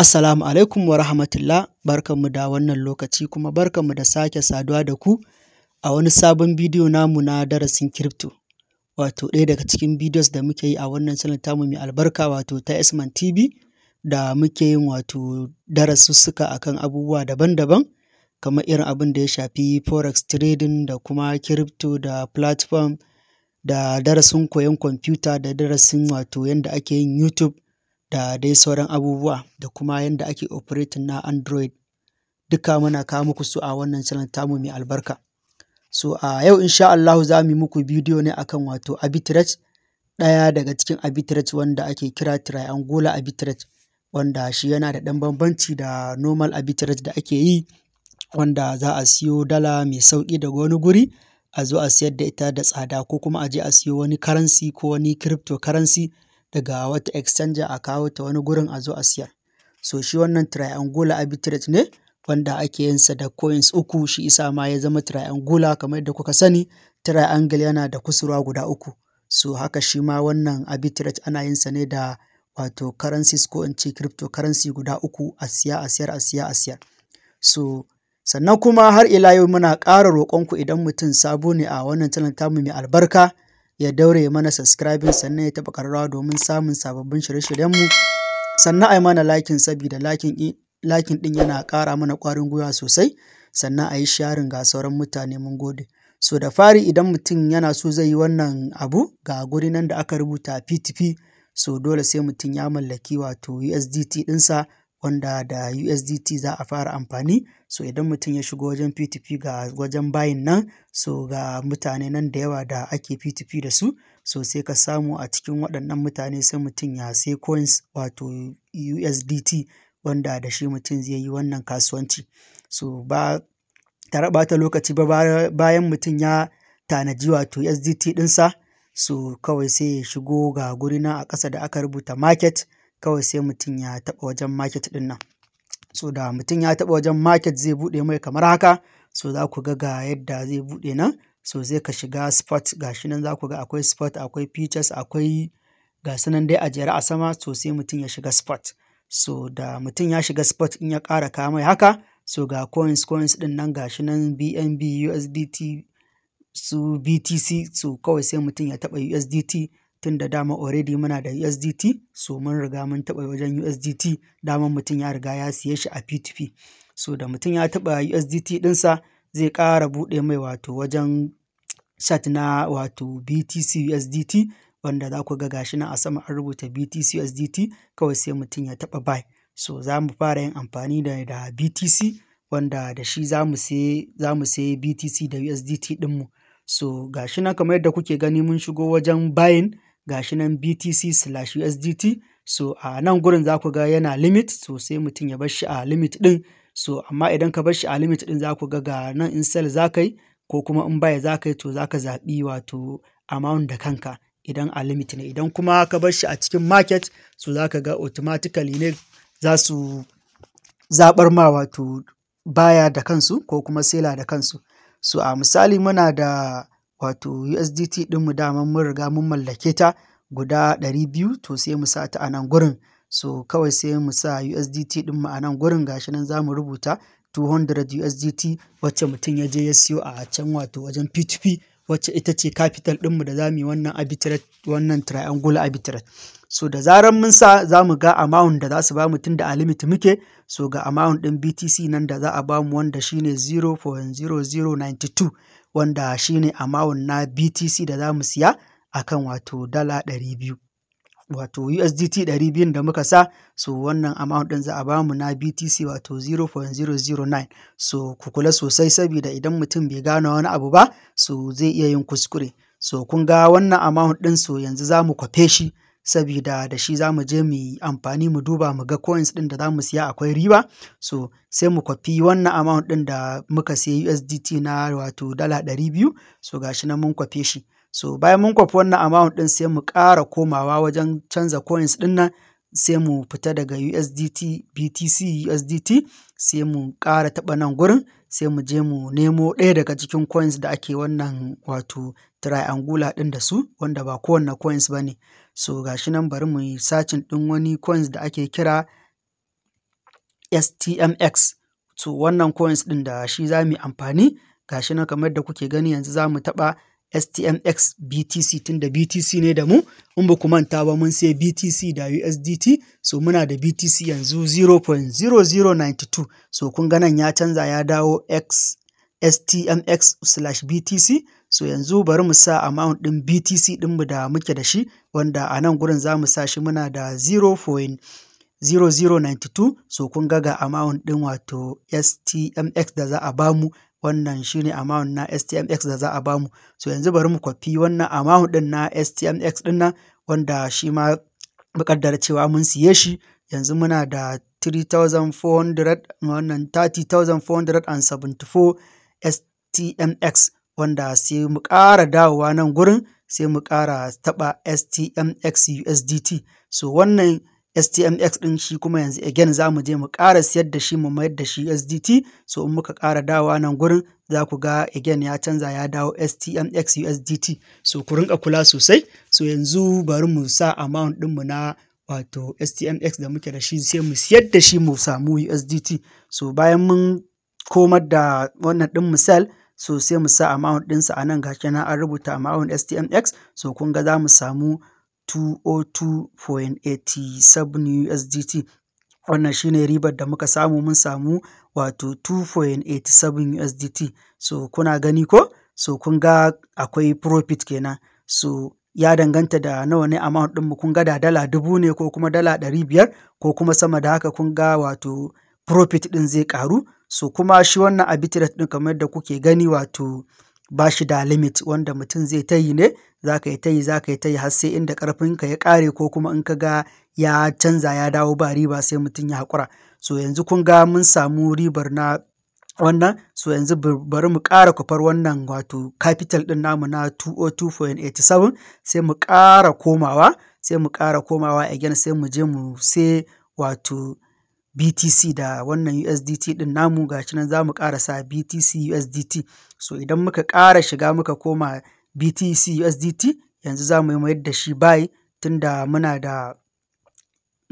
Assalamu alaikum wa rahmatullah barkanmu da wannan lokaci kuma barkanmu da sake saduwa da ku a wani sabon bidiyo namu na darasin crypto wato ɗaya daga cikin bidiyos da muke yi a wannan channel tamu mai albarka wato ta Isman TV da muke yin wato darasussuka akan abubuwa daban-daban kamar irin abin da ya shafi forex trading da kuma crypto da platform da darasin koyon kwamfuta da darasin wato yadda ake yin YouTube da dai sauran abubuwa da kuma yadda ake operating na Android. Duka muna kawo muku su a wannan channel tamu mai albarka. So a yau insha Allah za mu yi muku bidiyo ne akan wato arbitrage ɗaya daga cikin arbitrage wanda ake kira triangular arbitrage wanda shi yana da ɗan bambanci da normal arbitrage da ake yi wanda za a siyo dala mai sauki daga wani guri a zo a siyar da ita da tsada ko kuma a je a siyo wani currency ko wani cryptocurrency daga wata exchanger a kawo ta wani gurin a zo a siyar. So shi wannan triangular arbitrage ne wanda ake yin sa da coins uku shi isa ma ya zama triangular kamar yadda kuka sani triangle yana da kusurwa guda uku. So haka shi ma wannan arbitrage ana yin sa ne da wato currencies ko in ce cryptocurrency guda uku a siya a siyar a siya a siyar. So sannan kuma har ila yau muna ƙara roƙonku idan mutum sabo ne a wannan channel tamu mai albarka ya daure mana subscribing sannan ya taɓa ƙararrawa domin samun sababbin shirye-shiryenmu sannan a yi mana lakin sabida lakin ɗin yana ƙara mana ƙwarin gwiwa sosai sannan a yi sharin ga sauran mutane mun gode so da fari idan mutum yana so zai yi wannan abu ga guri nan da aka rubuta ptp so dole sai mutum ya mallaki wato usdt ɗinsa wanda da USDT za a fara amfani so idan mutum ya shigo wajen p ga wajen bayin nan so ga mutane nan da yawa da ake p da su so sai ka samu a cikin waɗannan mutane sai mutum ya sai coins wato USDT wanda da shi mutum zai yi wannan kasuwanci so ba tare ɓata lokaci ba bayan mutum ya tanaji wato USDT ɗinsa so kawai sai ya shigo ga guri nan a ƙasa da aka rubuta market kawai sai mutum ya taɓa wajen market ɗin nan so da mutum ya taɓa wajen market zai buɗe mai kamar haka so za ku ga ga yadda zai buɗe nan so zai ka shiga spot ga shi nan za ku ga akwai spot akwai features akwai ga nan dai a jere a sama so sai mutum ya shiga spot so da mutum ya shiga spot in ya ƙara kawo mai haka so ga coins coins ɗin nan shi nan bnb usdt su btc so kawai sai mutum ya taɓa usdt tun da dama already muna da USDT so mun riga mun taɓa wajen USDT daman mutum ya riga ya siye shi a P2P so da mutum ya taɓa USDT ɗinsa zai ƙara buɗe mai wato wajen chat na wato BTC USDT wanda za ku ga gashi nan a sama an rubuta BTC USDT kawai sai mutum ya taɓa buy so za mu fara yin amfani da, da BTC wanda da shi za mu sai BTC da USDT ɗinmu so gashi nan kamar yadda kuke gani mun shigo wajen buying. gashi nan BTC slash USDT so a nan gurin za ku ga yana limit so sai mutum ya bar shi a limit ɗin so amma idan ka bar shi a limit ɗin za ku ga ga nan in sell za ka yi ko kuma in baya za ka yi to za ka zaɓi wato amount da kanka idan a limit ne idan kuma ka bar shi a cikin market so za ka ga automatically ne za su zaɓar ma wato baya da kansu ko kuma sela da kansu so a misali muna da wato USDT ɗinmu daman mun riga mun mallake ta guda 200 to sai mu sa ta a nan gurin so kawai sai mu sa USDT ɗinmu a nan gurin gashi nan za mu rubuta 200 USDT wacce mutum ya je ya siyo a can wato wajen P2P wacce ita ce capital ɗinmu da za mu yi wannan arbitrate wannan triangular arbitrate so da zarar mun sa za mu ga amount da za su ba mu da a limit muke so ga amount ɗin BTC nan da za a ba mu wanda shine 0.0092 wanda shi shine amount na BTC da za mu siya akan wato dala ɗari biyu. wato USDT biyun da muka sa so wannan amount ɗin za a ba mu na BTC wato 0.009 so ku kula sosai saboda idan mutum bai gano wani abu ba so zai iya yin kuskure so kun ga wannan amount din so yanzu za mu kwafe shi sabida da shi za mu je mu yi amfani mu duba mu ga coins ɗin da za mu siya akwai riba. So sai mu kwafi wannan amount ɗin da muka siya USDT na wato dala ɗari biyu, so ga shi nan mun kwafe shi. So bayan mun kwafi wannan amount ɗin sai mu ƙara komawa wajen canza coins ɗin nan sai mu fita daga USDT BTC USDT sai mu ƙara taɓa nan gurin sai mu je mu nemo ɗaya daga cikin coins da ake wannan wato triangular ɗin da su wanda ba kowanne coins ba ne. So ga nan bari mu yi sacin ɗin wani coins da ake kira STMX. So wannan coins ɗin da shi za mu yi amfani ga nan kamar da kuke gani yanzu za mu taɓa STMX BTC tun da BTC ne da mu in ba ku manta ba mun sai BTC da USDT so muna da BTC yanzu 0.0092 so kun ga nan ya canza ya dawo X stmx/btc slash so yanzu bari mu sa amount ɗin btc ɗinmu da muke da shi wanda a nan gurin za mu sa shi muna da 0.0092 so kun ga ga amount din wato stmx da za a bamu wannan shine amount na stmx da za a bamu so yanzu bari mu kwafi wannan amount din na stmx ɗin wanda shi ma muƙaddara cewa mun siye shi yanzu muna da 3,400 wannan 30,474 stmx wanda sai mu ƙara dawowa nan gurin sai mu ƙara taɓa stmx usdt so wannan stmx ɗin shi kuma yanzu again za mu je mu ƙara siyar da shi mu mayar da shi usdt so in muka ƙara dawowa nan gurin za ku ga again ya canza ya dawo stmx usdt so ku rinka kula sosai so yanzu bari mu sa amount ɗinmu na wato stmx da muke da shi sai mu siyar da shi mu samu usdt so bayan mun komar da wannan ɗin misal so sai mu sa amount ɗinsa a nan ga kenan an rubuta amount stmx so kun ga za mu samu 202.87 USDT wannan shine ribar da muka samu mun samu wato 2.87 USDT so kuna gani ko so kun ga akwai profit kenan so ya danganta da nawa ne amount ɗinmu kun ga da dala dubu ne ko kuma dala ɗari biyar ko kuma sama da haka kun ga wato profit ɗin zai ƙaru So kuma shi wannan arbitrate ɗin kamar yadda kuke gani wato ba shi da limit wanda mutum zai ta yi ne za ka yi ta yi za ka yi ta yi har sai inda ƙarfinka ya ƙare ko kuma in ka ga ya canza ya dawo ba riba sai mutum ya haƙura. So yanzu kun ga mun samu ribar na wannan so yanzu bari mu ƙara kwafar wannan wato capital ɗin namu na 202.87 sai mu ƙara komawa sai mu ƙara komawa again sai mu je mu sai wato BTC da wannan USDT ɗin namu ga shi nan za mu sa BTC USDT. So idan muka ƙara shiga muka koma BTC USDT yanzu za mu yi mayar da shi buy tunda muna da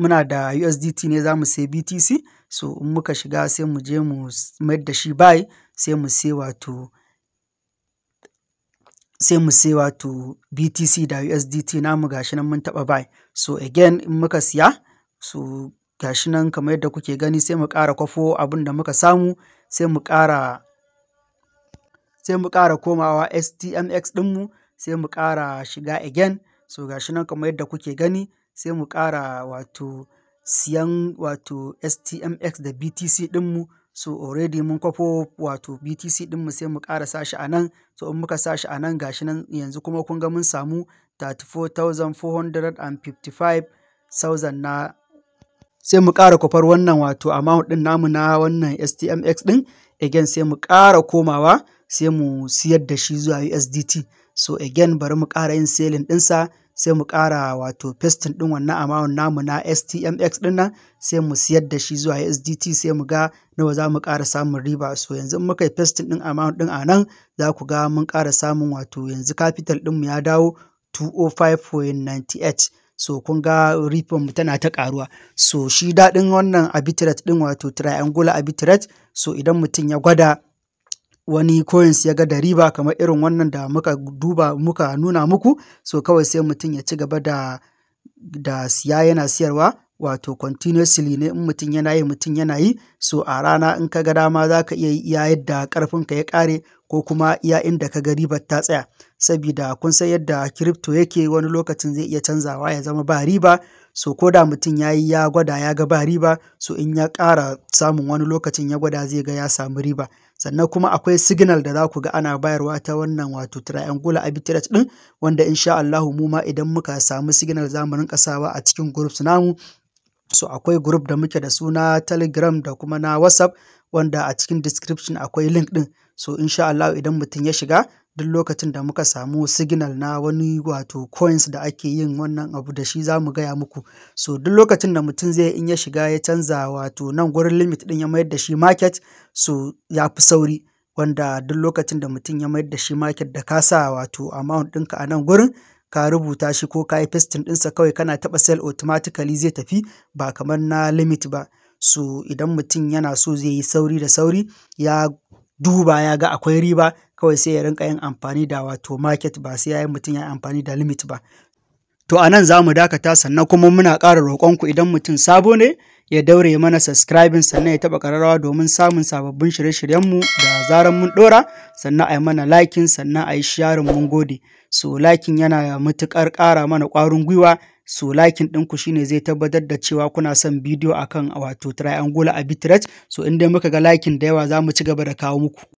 muna da USDT ne za mu sai BTC so in muka shiga sai mu je mu mayar da shi buy sai mu sai wato sai mu sai wato BTC da USDT namu ga nan mun taɓa buy so again in muka siya so gashi nan kamar yadda kuke gani sai mu ƙara kwafo abin da muka samu sai mu ƙara sai mu ƙara komawa stmx ɗinmu sai mu ƙara shiga again so gashi nan kamar yadda kuke gani sai mu ƙara wato siyan wato stmx da btc ɗinmu so already mun kwafo wato btc ɗinmu sai mu ƙara sashi a nan so in muka sashi a nan gashi nan yanzu kuma kun ga mun samu 34,455,000 na sai mu ƙara kwafar wannan wato amount ɗin namu na wannan stmx ɗin again sai mu ƙara komawa sai mu siyar da shi zuwa usdt so again bari mu ƙara yin selin ɗinsa sai mu ƙara wato pasting ɗin wannan amount namu na stmx ɗin nan sai mu siyar da shi zuwa usdt sai mu ga nawa za mu ƙara samun riba so yanzu muka yi pasting ɗin amount ɗin a nan za ku ga mun ƙara samun wato yanzu capital ɗinmu ya dawo 205.98 so kun ga ripon tana ta karuwa so shi daɗin wannan abitrate ɗin wato triangular abitrate so idan mutum ya gwada wani coins ya ga da riba kamar irin wannan da muka duba muka nuna muku so kawai sai mutum ya ci gaba da da siya yana siyarwa wato continuously ne in mutum yana yi mutum yana yi so a rana in ka ga dama za ka iya yi iya yadda karfin ka ya kare ko kuma iya inda ka ga ribar ta tsaya saboda kun san yadda crypto yake wani lokacin zai iya canzawa ya zama ba riba so ko da mutum ya yi ya gwada ya ga ba riba so in ya ƙara samun wani lokacin ya gwada zai ga ya samu riba sannan kuma akwai signal da za ku ga ana bayarwa ta wannan wato triangular arbitrage din wanda insha Allah mu ma idan muka samu signal za mu rinka sawa a cikin groups namu So akwai group da muke da suna na Telegram da kuma na WhatsApp wanda a cikin description akwai link din So insha Allah idan mutum ya shiga duk lokacin da muka samu signal na wani wato coins da ake yin wannan abu da shi za mu gaya muku. So duk lokacin da mutum zai in ya shiga ya canza wato nan gurin limit din ya mayar da shi market so ya fi sauri. Wanda duk lokacin da mutum ya mayar da shi market da ka sa wato amount ɗinka a nan gurin ka rubuta shi ko ka yi fistin ɗinsa kawai kana taɓa sell automatically zai tafi ba kamar na limit ba so idan mutum yana so zai yi sauri da sauri ya duba ya ga akwai riba kawai sai ya rinka yin amfani da wato market ba sai ya yi mutum ya yi amfani da limit ba To a nan za mu dakata sannan kuma muna ƙara roƙonku idan mutum sabo ne ya daure mana subscribing sannan ya taɓa ƙararrawa domin samun sababbin shirye-shiryenmu da zarar mun ɗora sannan a yi mana liking sannan a yi sharing mun gode. so lakin yana matuƙar ƙara mana ƙwarin gwiwa so lakin ɗinku shine zai tabbatar da cewa kuna son bidiyo akan wato triangular arbitrage so in dai muka ga lakin da yawa za mu ci gaba da kawo muku